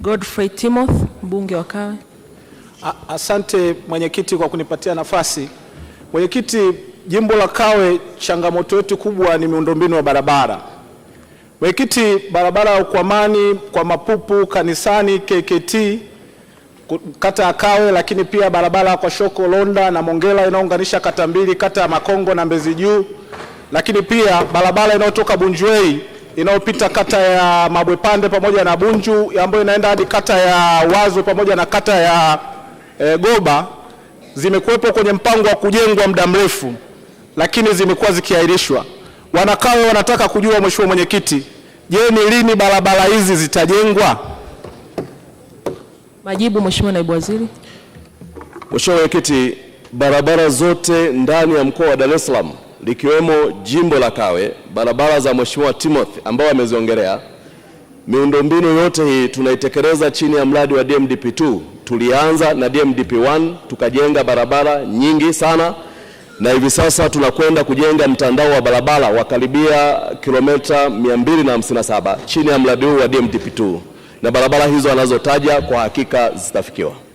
Godfrey Timoth, mbunge wa Kawe. Asante mwenyekiti kwa kunipatia nafasi. Mwenyekiti, jimbo la Kawe changamoto yetu kubwa ni miundombinu ya barabara. Mwenyekiti, barabara ya Ukwamani kwa Mapupu, Kanisani, KKT kata ya Kawe, lakini pia barabara kwa Shoko Londa na Mongela inaunganisha kata mbili, kata ya Makongo na Mbezi Juu, lakini pia barabara inayotoka Bunjwei inayopita kata ya Mabwepande pamoja na Bunju ambayo inaenda hadi kata ya Wazo pamoja na kata ya e, Goba zimekuwepo kwenye mpango wa kujengwa muda mrefu, lakini zimekuwa zikiahirishwa. Wanakawe wanataka kujua, Mheshimiwa Mwenyekiti, je, ni lini barabara hizi zitajengwa? Majibu, Mheshimiwa Naibu Waziri. Mheshimiwa Mwenyekiti, barabara zote ndani ya mkoa wa Dar es Salaam likiwemo jimbo la Kawe, barabara za Mheshimiwa Timothy ambao ameziongelea. Miundombinu yote hii tunaitekeleza chini ya mradi wa DMDP2. Tulianza na DMDP1 tukajenga barabara nyingi sana, na hivi sasa tunakwenda kujenga mtandao wa barabara wa karibia kilomita 257 chini ya mradi huu wa DMDP2, na barabara hizo anazotaja kwa hakika zitafikiwa.